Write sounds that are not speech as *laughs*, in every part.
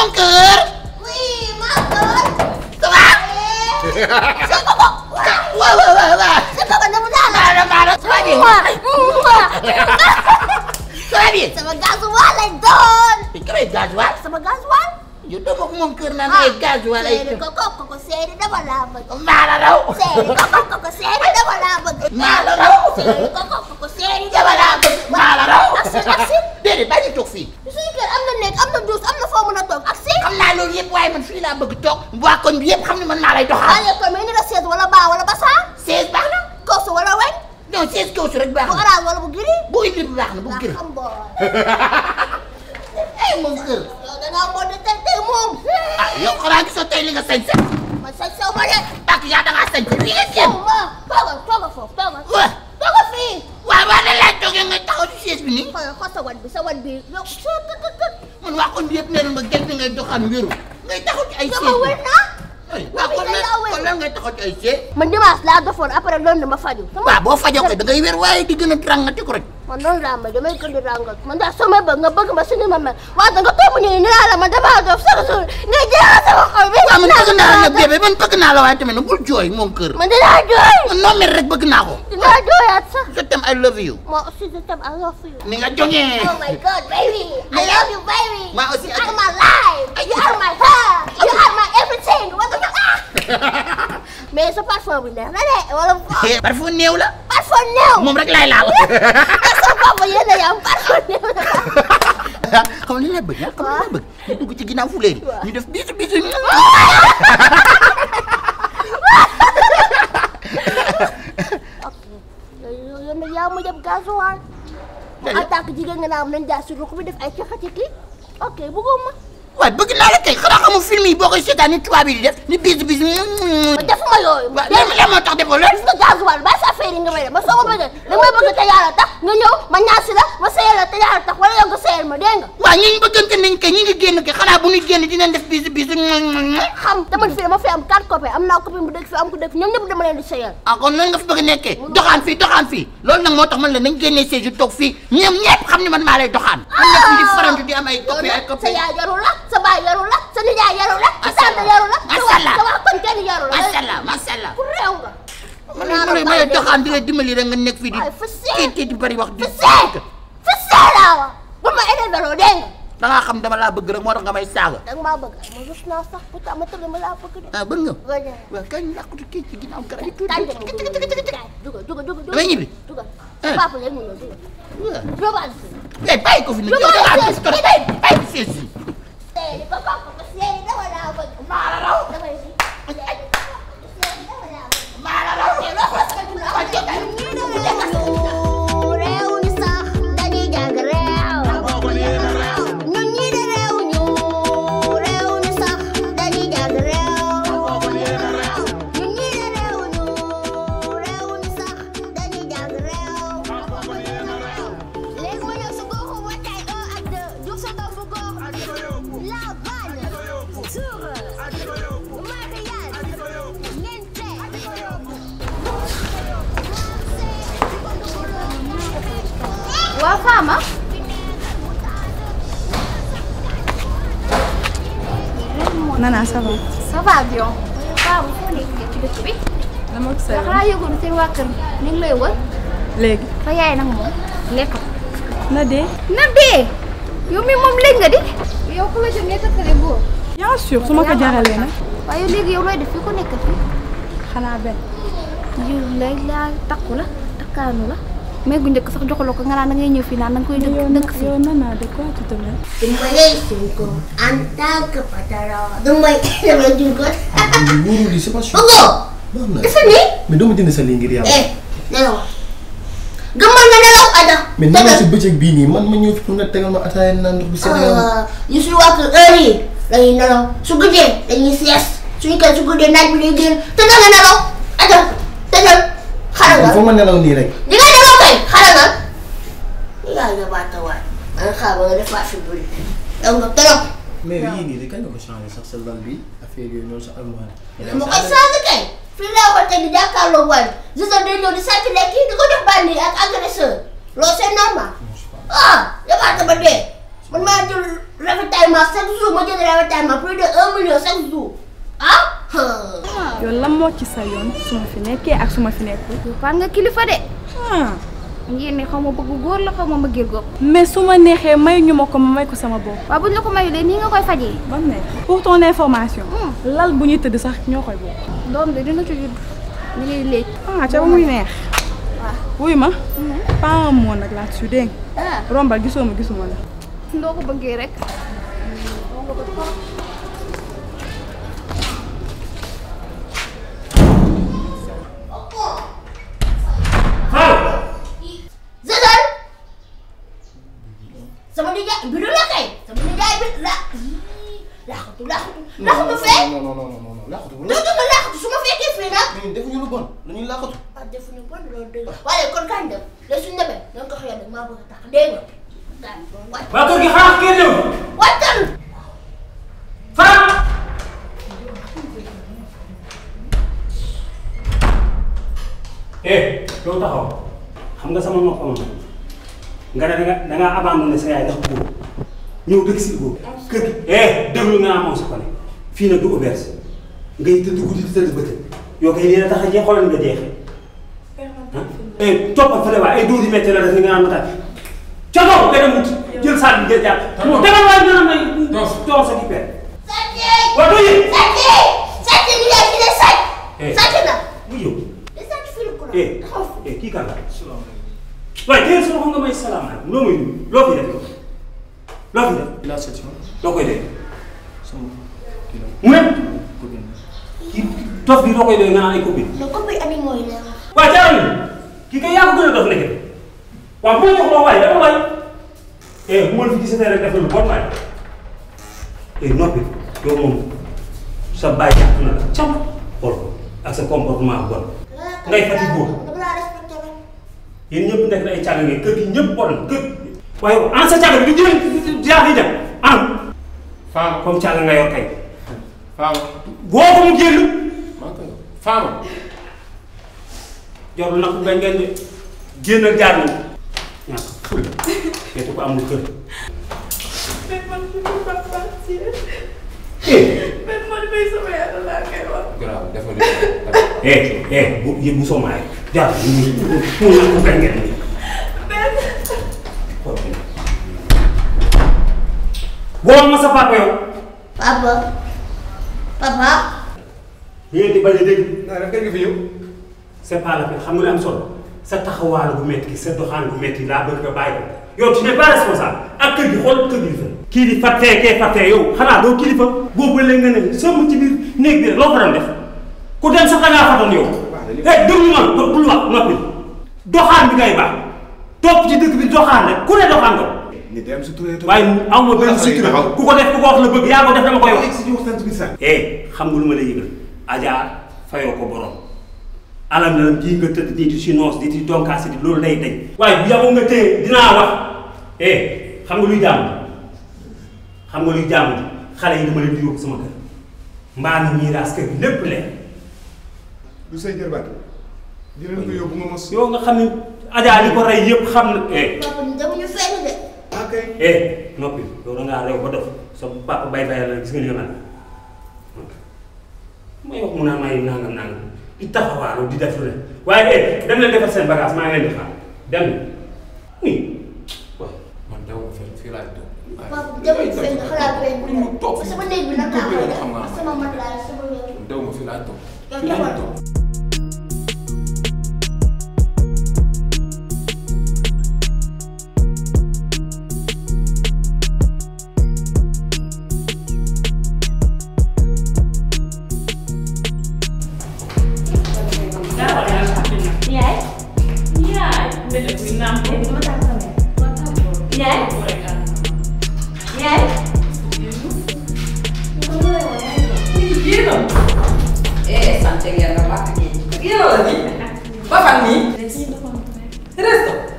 mon cœur. seeri Coco Coco seeri laa bëgg. maa seeri Coco Coco seeri laa bëgg. maa waaye man fii laa waa koñ bi yëpp xam ne man naa lay doxal. waaye koñ may ni la seize wala baa a *laughs* tey ay séet wér naa. la kon kon lan ngay taxaw ci ay séet. man dimanche laa defoon après loolu boo fajoo koy da ngay waaye di gën a ràngati ko rek. man noonu nga ma suñu ma mel waaye danga toog mu ne nii laa la man damaa doon chaque jour ngay jeexal sama xol bi. naa la nag bébé man bëgg naa la waaye tamit bul jooy moom kër. man dinaa jooy. man noo mel rek bëgg naa ko. dinaa jooyaat sax. je t'aime I love you. moi aussi je t'aime I love you. ni nga jógee. oh my God baby. I love you baby. maa parfum bu eh, la. parfum néew moom rek laay laal. sa *laughs* papa a la. *laughs* xam nga lay bëgg ah xam nga li lay bëgg. ñu dugg ci ginnaaw fuleer ñu def bisu bisu. yow yaa ma jëm gasoil. en tant jigéen nga naa am nañ ruq bi def ay caxati kii ok bëgguma. waaye bëgg naa la kay xanaa xamu film yi boo koy seetaan ni tubaab yi di def ni bis bis. defuma yooyu. waaw lan moo tax defoo loolu. gis nga gasoil ba sa affaire yi nga may def ba soo ko bëggee da ma ñaasi ma seeyal la te yàlla wala yow nga seeyal ma dégg nga. waaw ñun bëggante nañ kay xanaa bu ñu génn dinañ def bisu bisu xam dama fi dama fi am quatre copains am bu dëkk fi am ko dëkk fi ñoom ñëpp dama leen di seeyal ah kon nan nga fi nekkee doxaan fii doxaan fii loolu nag moo tax man la nañ génnee séjour toog fii ñoom xam ne man maa lay doxaan ah! man nekk di farantu di am ay copain la sa baay la sa sa tante yaru la sa waa kon kenn la macha allah macha allah ku réew nga man lay ma lay doxaan di la dimbali rek nga nekk fii di kii di bari wax di fas la bu ma énervé loo dégg nga da xam dama laa bëgg rek moo tax nga may saaga. da nga maa bëgg ma rus naa sax pourtant ma tëdd ma laa bëgg de. ah bëgg nga. waaw kañ làqatu kii ci ngi dugal. dugal bàyyi ko fi nag yow da ngaa gis ko bàyyi ça va bien. waaw foo nekkee ci dëkk bi. dama seen waa kër lay wër. léegi. sa yaay nag moom lekk na dee. na dee. yow mi moom léegi nga di. yow ku la jëm ne tëkkale góor. bien sûr su ma ko jaralee nag. waaye léegi yow def fi ko nekk fii. xanaa benn. jiw lay laa takku la takkaanu la. mais gu njëkk sax joxuloo ko nga naan da ngay ñëw fii naan da nga koy dëkk dëkk fii. yow nana de quoi tu te mets. dimbalee suñu ko en tant que patron. dimbali dimbali suñu ko. wóorul li c'est pas sûr. bëggoon. dafa ne. mais doo ma jënd sa lii ngir yàlla. eh nelaw. gëmmal nga nelaw Ada. mais ni ma si bëccëg bii nii man ma ñëw fi pour nga tegal ma ataaya naan ndox bu sedd. Ah, ñu suñu waxtu heure yi dañuy nelaw su guddee dañuy sieste suñu kër su guddee naaj bi day génn te danga nelaw Ada tëjal. xale nga foo ma nelaw nii rek. di nga nelaw kay xale nga. yaa ngi baata waay. trop. mais yii nii de kañ nga ko changé sax sa lal bi affaire yooyu noonu sa almoire. ma koy changé kay. fii laa ko teg di jàkkaarloo waay bi. Zouza day ñëw di sàcc lekk yi di ko def bandi ak agresseur. loolu c'est normal. ah damaa ba dee. man maa jël ravitaillement chaque jour ma jël ravitaillement plus de un million chaque jour ah. yow lan moo ci sa yoon su ma fi nekkee ak su ma fi nekkul. yow nga kilifa de. ngeen ah. ne xaw ma bëgg góor la xaw ma bëggee góor. mais su ma neexee may ñu ma ko ma may ko sama bopp. waaw buñ la ko mayulee nii nga koy fajee. ba hmm. bu ñuy tëdd sax ci judd ñu ngi ah, muy neex. waaw wuy ma. Hmm. paa moo nag laa su dégg. Ah. rombal gisoo ma gisuma la. ndoo rek. laxatu fee non non non non non laxatu bu laxatu su ma fekkee fii nag. ñun defuñu lu bon dañuy laxatu. ah defuñu bon loolu dëgg la waaye kon kañ dem léegi suñu demee da nga ko xëy maa bëgg a tax dégg nga. waa kër eh, nga sama nopp amoon nga ne da nga da ngaa abandonné sa yaay ndax fii nag du auberge ngay tëdd guddi di tëdd bëccëg yoo koy leen a tax a jeex xoolal nga jeexee. Eh, toppal fële waa ay dóor yu métti la def ni nga naan ma taal ca kaw nga dem jël saa bi jël jàpp. d' accord demal waay ñanam nag. non toog sa kii waa doo yëg. sàcc bi yaa ngi ne sàcc. Eh. sàcc na. mu yow. de sàcc firi ko la. Eh. kii kan la. waaye tey sama xam nga may salaamaaleykum loo may nuyu loo fi def loo fi def. loo mu ne. kii dof bi doo koy nga naan ay copine. non copine Aliou mooy la. waaw jaarale kii kay yaa ko gën a dof nekk waaw bu ma jox loo waay dama waay eh bu ma la fi gisatee rek def na lu bon waay eh noppi yow moom sa bàyyi jàpp na la cam xool ak sa comportement bon ngay fàttali góor yéen ñëpp nekk faama woo ko mu génn. maa ngi koy faama. jarul nag nga ngeen di génnal jaar nañu. ñàkk ko amul kër. mais man fi mu baax a mais man bay sama yàlla laa koy wax. garaaw dafa def. eh eh bu yéen bu sommaay jaar nañu mu mu ko ngeen di. woo ma sa papa yow. papa. papa. li ngeen di bañ a dégg. non daf nga fi yow. c'est pas xam nga lu am solo sa taxawaal bu métti sa doxaan bu métti laa bëgg nga bàyyi ko yow tu n'es pas responsable ak kër gi xool kër gi fa. kii di fàttee kee fàttee yow xanaa doo kilifa boobu léegi nga ne sëmm ci biir néeg bi loo ko doon def ku dem sax da ngaa fatoon yow. waaw eh, déglu ma bul wax noppi doxaan bi ngay baax topp ci dëgg bi doxaan rek ku ne doxaan ko. ni dem si turee. waaye aw ma benn sikki ku ko def ku ko wax la bëgg yaa ko def dama koy wax. eh xam nga lu ma lay yëgal. Adja fayoo ko borom. alam na la ji nga tëdd di ci noos di ci donkaasi di loolu day dañ. waaye bu nga téye dinaa wax. eh xam nga luy jàmm xam xale yi dama leen di yóbbu na miiraas kër leen. du yóbbu nga mos. yow nga xam ne Adja li ko rey yëpp xam na. Eh. eh noppi yow da ngaa réew ba def sa papa bay bayal la gis nga li nga may wax mu naan may nangam nangam di taxawaaru di def lu ne waaye eh dem leen defar seen bagage maa ngi leen di xaar dem nii waaw man daw fii laa toog waaw daw ma fi laa toog resto resto.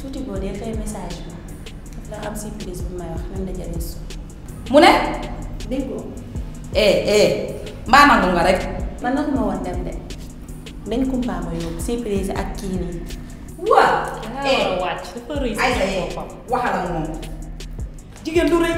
tuuti boo dee fay message bi daf am surprise bu may wax nan la jëlee su mu ne. déggoo. eh eh mbaa nangu nga rek. man nag ma woon dem de dañ kumpaa ma surprise ak kii nii. waaw. Ah, eh wàcc dafa rëy si eh. boppam waxal ak moom jigéen du rëy.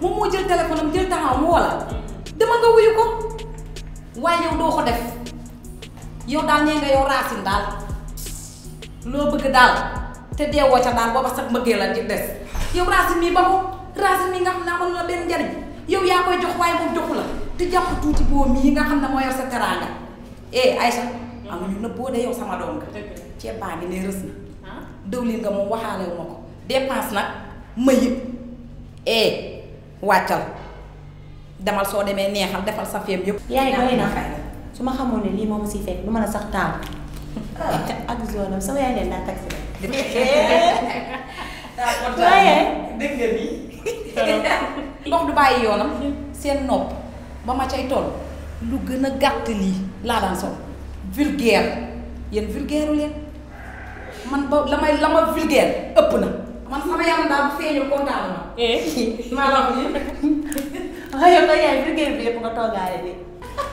moom moo jël téléphone jël taxaw mu wala. Mm. dama nga wuyu ko waaye yow doo ko def. yow daal nee nga yow racine daal loo bëgg daal te deewoo ca daal booba sax mbëggee la di des yow racine mii ba ko racine mii nga xam ne amal na benn njariñ yow yaa koy jox waaye moom joxu la te jàpp tuuti boo mii nga xam ne moo yor sa teraanga eh Aïcha amuñu nëb boo de yow sama doom nga ceeb baa ngi ne rës na ah? dëwlin nga moom waxaale wu ma ko nag ma yëg eh wàccal demal soo demee neexal defal sa feem yëpp su ma xamoon ne lii moom siy fekk du mën a sax taal ah. ak zone sama yaay leen daa taxi *laughs* *laughs* waaye dégg nga nii *laughs* ndox du bàyyi yoonam seen nopp ba ma cay toll lu gën a gàtt lii laa daan sol vulgaire yéen vulgaire leen man ba la la ma vulgaire ëpp na man sama yaram daal bu feeñu kontaan na eh. maa wax ni waaye yow yaay vulgaire bi yëpp nga toogaale bi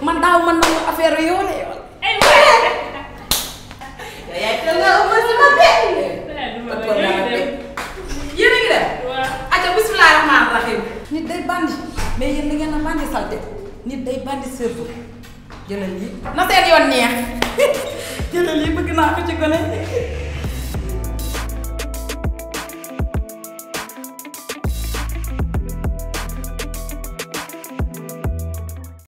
man daaw man na ma affaire yoo la yoo nit day bandi mais yéen da ngeen a bandi salte nit day bandi surtout jëlal yi na yoon neex *laughs* jëlal yi bëgg naa ko ci